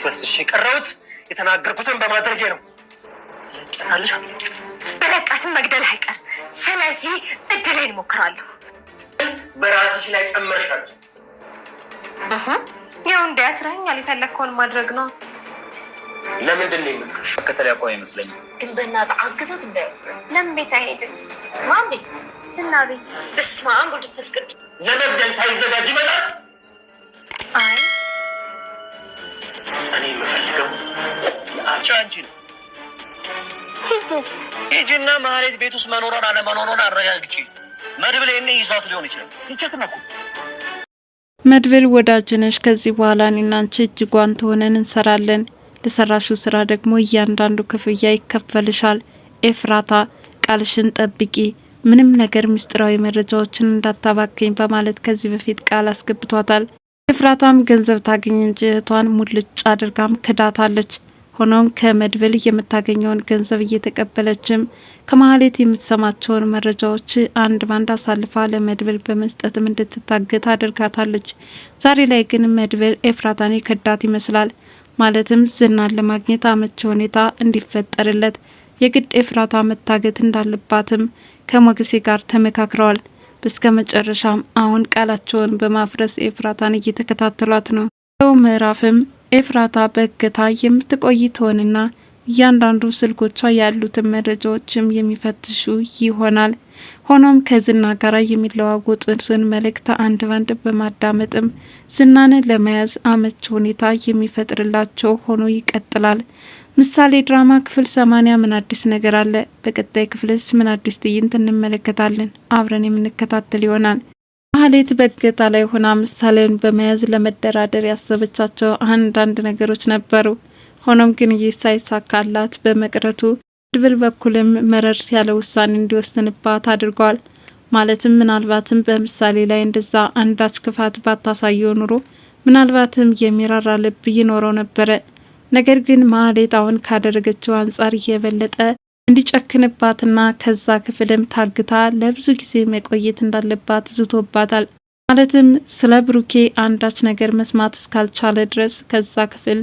ሲመስልሽ የቀረሁት የተናገርኩትን በማድረጌ ነው። ትለቂያታለሽ አትለቂያት? በለቃትም መግደል አይቀር። ስለዚህ እድሌን እሞክራለሁ። በራስሽ ላይ ጨመርሻል። ያው እንዳያስረኛል የፈለግከውን ማድረግ ነው። ለምንድን ነው የምትከሽ? መከተል ያቆመ ይመስለኛል። ግን በእናትህ አግቶት እንደ ለምን ቤት አይሄድም? ማን ቤት? ዝና ቤት። በስመ አብ ወመንፈስ ለመግደል ሳይዘጋጅ ይመጣል። ምርጫ አንቺ ነው። ሂጂና ማህሌት ቤት ውስጥ መኖሯን አለመኖሯን አረጋግጪ። መድብል ይህን ይዟት ሊሆን ይችላል። ይቸክነኩ መድብል ወዳጅነሽ፣ ከዚህ በኋላ እኔና አንቺ እጅጓን ተሆነን እንሰራለን። ለሰራሹ ስራ ደግሞ እያንዳንዱ ክፍያ ይከፈልሻል። ኤፍራታ ቃልሽን ጠብቂ፣ ምንም ነገር ምስጢራዊ መረጃዎችን እንዳታባከኝ በማለት ከዚህ በፊት ቃል አስገብቷታል። ኤፍራታም ገንዘብ ታገኝ እንጂ እህቷን ሙልጭ አድርጋም ክዳታለች። ሆኖም ከመድብል የምታገኘውን ገንዘብ እየተቀበለችም ከማህሌት የምትሰማቸውን መረጃዎች አንድ ባንድ አሳልፋ ለመድብል በመስጠትም እንድትታገት አድርጋታለች። ዛሬ ላይ ግን መድብል ኤፍራታን ከዳት ይመስላል። ማለትም ዝናን ለማግኘት አመቺ ሁኔታ እንዲፈጠርለት የግድ ኤፍራታ መታገት እንዳለባትም ከሞገሴ ጋር ተመካክረዋል። እስከ መጨረሻም አሁን ቃላቸውን በማፍረስ ኤፍራታን እየተከታተሏት ነው። ምዕራፍም ኤፍራታ በእገታ የምትቆይ ትሆንና እያንዳንዱ ስልኮቿ ያሉትን መረጃዎችም የሚፈትሹ ይሆናል። ሆኖም ከዝና ጋር የሚለዋወጡትን መልእክት አንድ ባንድ በማዳመጥም ዝናን ለመያዝ አመች ሁኔታ የሚፈጥርላቸው ሆኖ ይቀጥላል። ምሳሌ ድራማ ክፍል ሰማንያ ምን አዲስ ነገር አለ? በቀጣይ ክፍልስ ምን አዲስ ትዕይንት እንመለከታለን? አብረን የምንከታተል ይሆናል። ማህሌት በእገታ ላይ ሆና ምሳሌን በመያዝ ለመደራደር ያሰበቻቸው አንዳንድ ነገሮች ነበሩ። ሆኖም ግን ይህ ሳይሳካላት በመቅረቱ ድብል በኩልም መረር ያለ ውሳኔ እንዲወስንባት አድርጓል። ማለትም ምናልባትም በምሳሌ ላይ እንደዛ አንዳች ክፋት ባታሳየው ኑሮ ምናልባትም የሚራራ ልብ ይኖረው ነበረ። ነገር ግን ማህሌት አሁን ካደረገችው አንጻር የበለጠ እንዲጨክንባትና ከዛ ክፍልም ታግታ ለብዙ ጊዜ መቆየት እንዳለባት ዝቶባታል። ማለትም ስለ ብሩኬ አንዳች ነገር መስማት እስካልቻለ ድረስ ከዛ ክፍል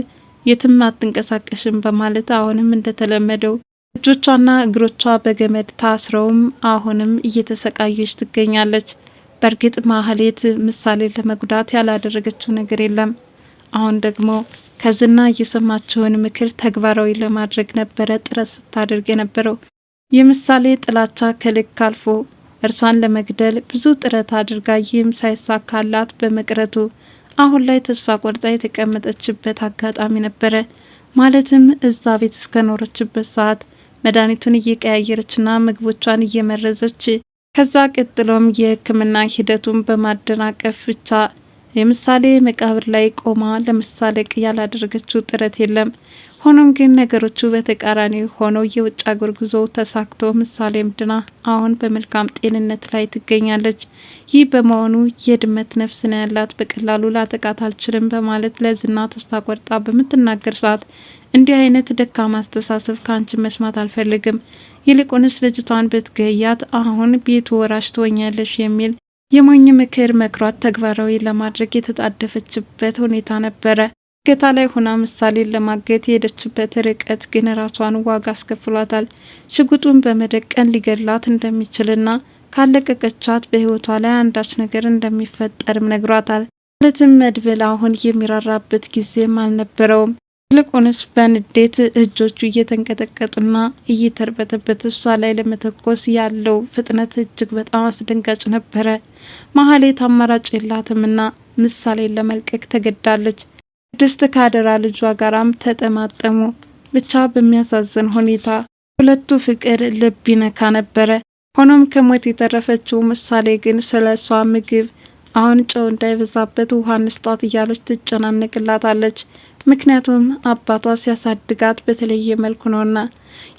የትም አትንቀሳቀሽም በማለት አሁንም እንደተለመደው እጆቿና እግሮቿ በገመድ ታስረውም አሁንም እየተሰቃየች ትገኛለች። በእርግጥ ማህሌት ምሳሌ ለመጉዳት ያላደረገችው ነገር የለም። አሁን ደግሞ ከዝና እየሰማቸውን ምክር ተግባራዊ ለማድረግ ነበረ ጥረት ስታደርግ የነበረው። የምሳሌ ጥላቻ ከልክ አልፎ እርሷን ለመግደል ብዙ ጥረት አድርጋ ይህም ሳይሳካላት በመቅረቱ አሁን ላይ ተስፋ ቆርጣ የተቀመጠችበት አጋጣሚ ነበረ። ማለትም እዛ ቤት እስከኖረችበት ሰዓት መድኃኒቱን እየቀያየረችና ምግቦቿን እየመረዘች ከዛ ቀጥሎም የሕክምና ሂደቱን በማደናቀፍ ብቻ የምሳሌ መቃብር ላይ ቆማ ለመሳለቅ ያላደረገችው ጥረት የለም። ሆኖም ግን ነገሮቹ በተቃራኒ ሆነው የውጭ አገር ጉዞ ተሳክቶ ምሳሌም ድና አሁን በመልካም ጤንነት ላይ ትገኛለች። ይህ በመሆኑ የድመት ነፍስ ነው ያላት፣ በቀላሉ ላጠቃት አልችልም በማለት ለዝና ተስፋ ቆርጣ በምትናገር ሰዓት እንዲህ አይነት ደካማ አስተሳሰብ ከአንቺን መስማት አልፈልግም፣ ይልቁንስ ልጅቷን ብትገያት አሁን ቤቱ ወራሽ ትሆኛለሽ የሚል የሞኝ ምክር መክሯት ተግባራዊ ለማድረግ የተጣደፈችበት ሁኔታ ነበረ። እገታ ላይ ሆና ምሳሌን ለማገት የሄደችበት ርቀት ግን ራሷን ዋጋ አስከፍሏታል። ሽጉጡን በመደቀን ሊገድላት እንደሚችልና ካለቀቀቻት በህይወቷ ላይ አንዳች ነገር እንደሚፈጠርም ነግሯታል። ማለትም መድብል አሁን የሚራራበት ጊዜም አልነበረውም። ይልቁንስ በንዴት እጆቹ እየተንቀጠቀጡና እየተርበተበት እሷ ላይ ለመተኮስ ያለው ፍጥነት እጅግ በጣም አስደንጋጭ ነበረ። መሀሌት አማራጭ የላትምና ምሳሌን ለመልቀቅ ተገዳለች። ቅድስት ከአደራ ልጇ ጋራም ተጠማጠሙ። ብቻ በሚያሳዝን ሁኔታ ሁለቱ ፍቅር ልብ ይነካ ነበረ። ሆኖም ከሞት የተረፈችው ምሳሌ ግን ስለ እሷ ምግብ አሁን ጨው እንዳይበዛበት ውሃ ንስጣት እያለች ትጨናነቅላታለች። ምክንያቱም አባቷ ሲያሳድጋት በተለየ መልኩ ነውና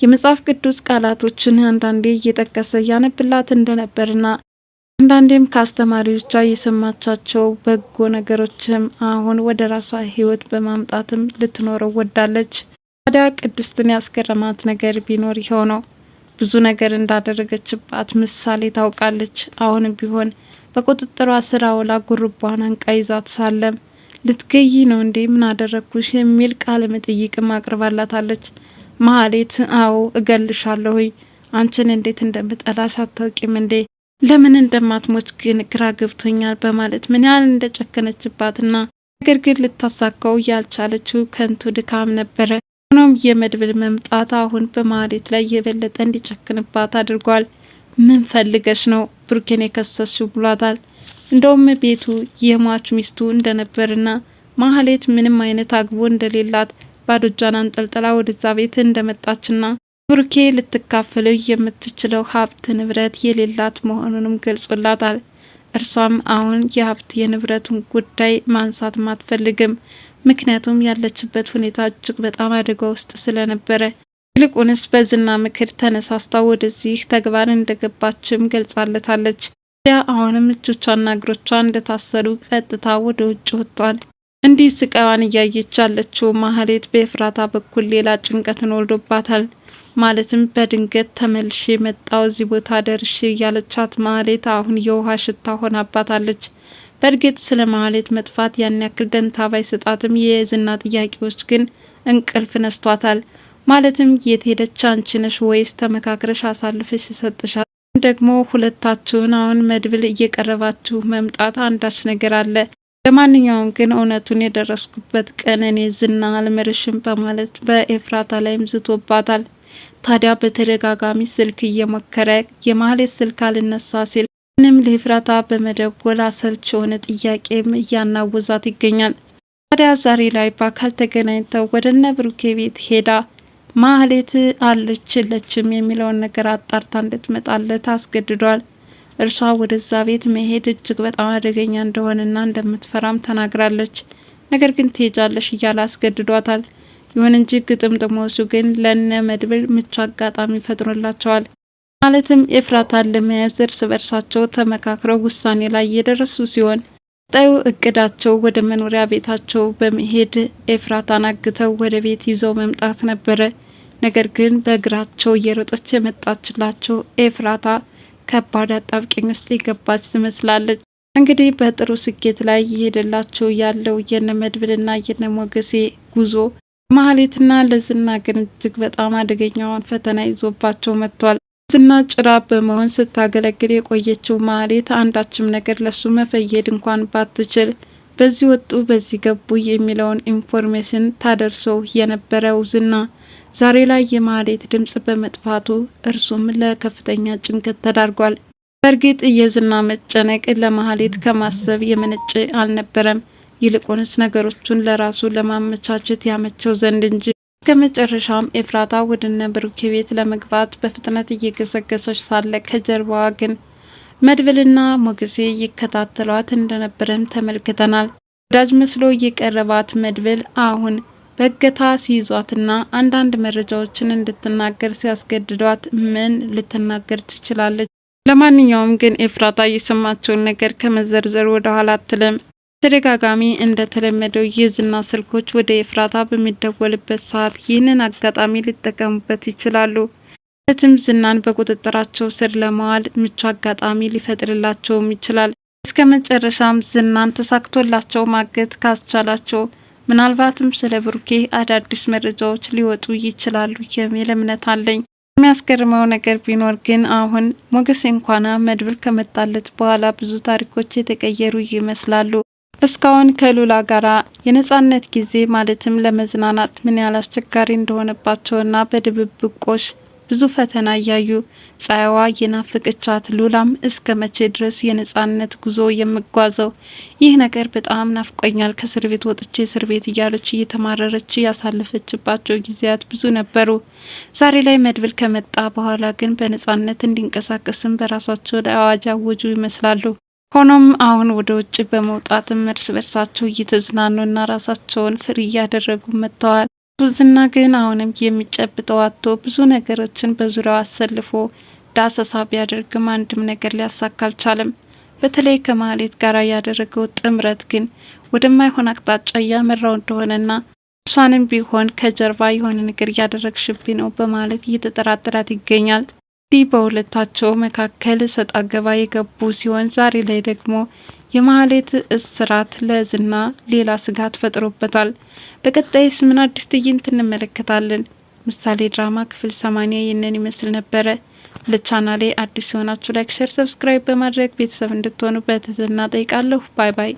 የመጽሐፍ ቅዱስ ቃላቶችን አንዳንዴ እየጠቀሰ ያነብላት እንደነበርና አንዳንዴም ከአስተማሪዎቿ የሰማቻቸው በጎ ነገሮችም አሁን ወደ ራሷ ሕይወት በማምጣትም ልትኖረው ወዳለች። ታዲያ ቅድስትን ያስገረማት ነገር ቢኖር ይኸው ነው። ብዙ ነገር እንዳደረገችባት ምሳሌ ታውቃለች። አሁንም ቢሆን በቁጥጥሯ ስር አውላ ጉርቧን አንቃ ይዛት ሳለም ልትገይ ነው እንዴ? ምን አደረግኩሽ? የሚል ቃለ መጠይቅም አቅርባላታለች። መሀሌት አዎ እገልሻለሁኝ አንቺን እንዴት እንደምጠላሽ አታውቂም እንዴ? ለምን እንደማትሞች ግን ግራ ገብቶኛል በማለት ምን ያህል እንደጨከነችባትና ነገር ግን ልታሳካው ያልቻለችው ከንቱ ድካም ነበረ። ሆኖም የመድብል መምጣት አሁን በመሀሌት ላይ የበለጠ እንዲጨክንባት አድርጓል። ምን ፈልገሽ ነው ብሩኬን የከሰስሽው ብሏታል። እንደውም ቤቱ የሟች ሚስቱ እንደነበርና ማህሌት ምንም አይነት አግቦ እንደሌላት ባዶ እጇን አንጠልጥላ ወደዛ ቤት እንደመጣችና ብሩኬ ልትካፈለው የምትችለው ሀብት ንብረት የሌላት መሆኑንም ገልጾላታል። እርሷም አሁን የሀብት የንብረቱን ጉዳይ ማንሳትም አትፈልግም። ምክንያቱም ያለችበት ሁኔታ እጅግ በጣም አደጋ ውስጥ ስለነበረ ይልቁንስ በዝና ምክር ተነሳስታ ወደዚህ ተግባር እንደገባችም ገልጻለታለች። ያ አሁንም እጆቿና እግሮቿ እንደታሰሩ ቀጥታ ወደ ውጭ ወጥቷል። እንዲህ ስቃዋን እያየች ያለችው ማህሌት በኤፍራታ በኩል ሌላ ጭንቀትን ወልዶባታል። ማለትም በድንገት ተመልሼ የመጣው እዚህ ቦታ ደርሼ እያለቻት ማህሌት አሁን የውሃ ሽታ ሆናባታለች። በእርግጥ ስለ ማህሌት መጥፋት ያን ያክል ደንታ ባይሰጣትም የዝና ጥያቄዎች ግን እንቅልፍ ነስቷታል። ማለትም የት ሄደች አንቺ ነሽ ወይስ ተመካክረሽ አሳልፈሽ ሰጥሻል? ደግሞ ሁለታችሁን አሁን መድብል እየቀረባችሁ መምጣት አንዳች ነገር አለ። ለማንኛውም ግን እውነቱን የደረስኩበት ቀን እኔ ዝና አልምርሽም በማለት በኤፍራታ ላይም ዝቶባታል። ታዲያ በተደጋጋሚ ስልክ እየሞከረ የማህሌት ስልክ አልነሳ ሲል ምንም ለኤፍራታ በመደወል አሰልች የሆነ ጥያቄም እያናወዛት ይገኛል። ታዲያ ዛሬ ላይ በአካል ተገናኝተው ወደ እነ ብሩኬ ቤት ሄዳ ማህሌት አለች የለችም የሚለውን ነገር አጣርታ እንድትመጣለት አስገድዷል። እርሷ ወደዛ ቤት መሄድ እጅግ በጣም አደገኛ እንደሆነና እንደምትፈራም ተናግራለች። ነገር ግን ትሄጃለሽ እያለ አስገድዷታል። ይሁን እንጂ ግጥምጥሞሹ ግን ለነ መድብል ምቹ አጋጣሚ ፈጥሮላቸዋል። ማለትም ኤፍራታን ለመያዝ እርስ በርሳቸው ተመካክረው ውሳኔ ላይ የደረሱ ሲሆን ጠዩ እቅዳቸው ወደ መኖሪያ ቤታቸው በመሄድ ኤፍራታን አግተው ወደ ቤት ይዘው መምጣት ነበረ። ነገር ግን በእግራቸው እየሮጠች የመጣችላቸው ኤፍራታ ከባድ አጣብቂኝ ውስጥ የገባች ትመስላለች። እንግዲህ በጥሩ ስኬት ላይ እየሄደላቸው ያለው የነ መድብልና የነ ሞገሴ ጉዞ ማህሌትና ለዝና ግን እጅግ በጣም አደገኛዋን ፈተና ይዞባቸው መጥቷል። ዝና ጭራ በመሆን ስታገለግል የቆየችው ማህሌት አንዳችም ነገር ለሱ መፈየድ እንኳን ባትችል በዚህ ወጡ በዚህ ገቡ የሚለውን ኢንፎርሜሽን ታደርሰው የነበረው ዝና ዛሬ ላይ የማህሌት ድምፅ በመጥፋቱ እርሱም ለከፍተኛ ጭንቀት ተዳርጓል። በእርግጥ የዝና መጨነቅ ለማህሌት ከማሰብ የመነጨ አልነበረም። ይልቁንስ ነገሮቹን ለራሱ ለማመቻቸት ያመቸው ዘንድ እንጂ። እስከ መጨረሻም ኤፍራታ ወደ ብሩኬ ቤት ለመግባት በፍጥነት እየገሰገሰች ሳለ ከጀርባዋ ግን መድብልና ሞገሴ ይከታተሏት እንደነበረም ተመልክተናል። ወዳጅ መስሎ የቀረባት መድብል አሁን በእገታ ሲይዟትና አንዳንድ መረጃዎችን እንድትናገር ሲያስገድዷት ምን ልትናገር ትችላለች? ለማንኛውም ግን ኤፍራታ የሰማቸውን ነገር ከመዘርዘር ወደ ኋላ አትልም። ተደጋጋሚ እንደተለመደው የዝና ስልኮች ወደ ኤፍራታ በሚደወልበት ሰዓት ይህንን አጋጣሚ ሊጠቀሙበት ይችላሉ። በትም ዝናን በቁጥጥራቸው ስር ለማዋል ምቹ አጋጣሚ ሊፈጥርላቸውም ይችላል። እስከ መጨረሻም ዝናን ተሳክቶላቸው ማገት ካስቻላቸው ምናልባትም ስለ ብሩኬ አዳዲስ መረጃዎች ሊወጡ ይችላሉ የሚል እምነት አለኝ። የሚያስገርመው ነገር ቢኖር ግን አሁን ሞገስ እንኳና መድብር ከመጣለት በኋላ ብዙ ታሪኮች የተቀየሩ ይመስላሉ። እስካሁን ከሉላ ጋራ የነጻነት ጊዜ ማለትም ለመዝናናት ምን ያህል አስቸጋሪ እንደሆነባቸውና በድብብቆሽ ብዙ ፈተና እያዩ ፀሐይዋ የናፍቅቻት ሉላም እስከ መቼ ድረስ የነጻነት ጉዞ የምጓዘው? ይህ ነገር በጣም ናፍቆኛል፣ ከእስር ቤት ወጥቼ እስር ቤት እያለች እየተማረረች ያሳለፈችባቸው ጊዜያት ብዙ ነበሩ። ዛሬ ላይ መድብል ከመጣ በኋላ ግን በነጻነት እንዲንቀሳቀስም በራሳቸው አዋጅ አወጁ ይመስላሉ። ሆኖም አሁን ወደ ውጭ በመውጣትም እርስ በርሳቸው እየተዝናኑና ራሳቸውን ፍሪ እያደረጉ መጥተዋል። ዝና ግን አሁንም የሚጨብጠው አቶ ብዙ ነገሮችን በዙሪያው አሰልፎ ዳሰሳ ቢያደርግም አንድም ነገር ሊያሳካ አልቻለም። በተለይ ከማህሌት ጋር ያደረገው ጥምረት ግን ወደማይሆን አቅጣጫ እያመራው እንደሆነና እሷንም ቢሆን ከጀርባ የሆነ ነገር እያደረግሽብኝ ነው በማለት እየተጠራጠራት ይገኛል። ዲህ በሁለታቸው መካከል ሰጣ የገቡ ሲሆን ዛሬ ላይ ደግሞ የማህሌት እስራት ለዝና ሌላ ስጋት ፈጥሮበታል። በቀጣይስ ምን አዲስ ትዕይንት እንመለከታለን? ምሳሌ ድራማ ክፍል ሰማንያ ይህንን ይመስል ነበረ። ለቻናሌ አዲስ የሆናችሁ ላይክ፣ ሸር፣ ሰብስክራይብ በማድረግ ቤተሰብ እንድትሆኑ በትህትና ጠይቃለሁ። ባይ ባይ።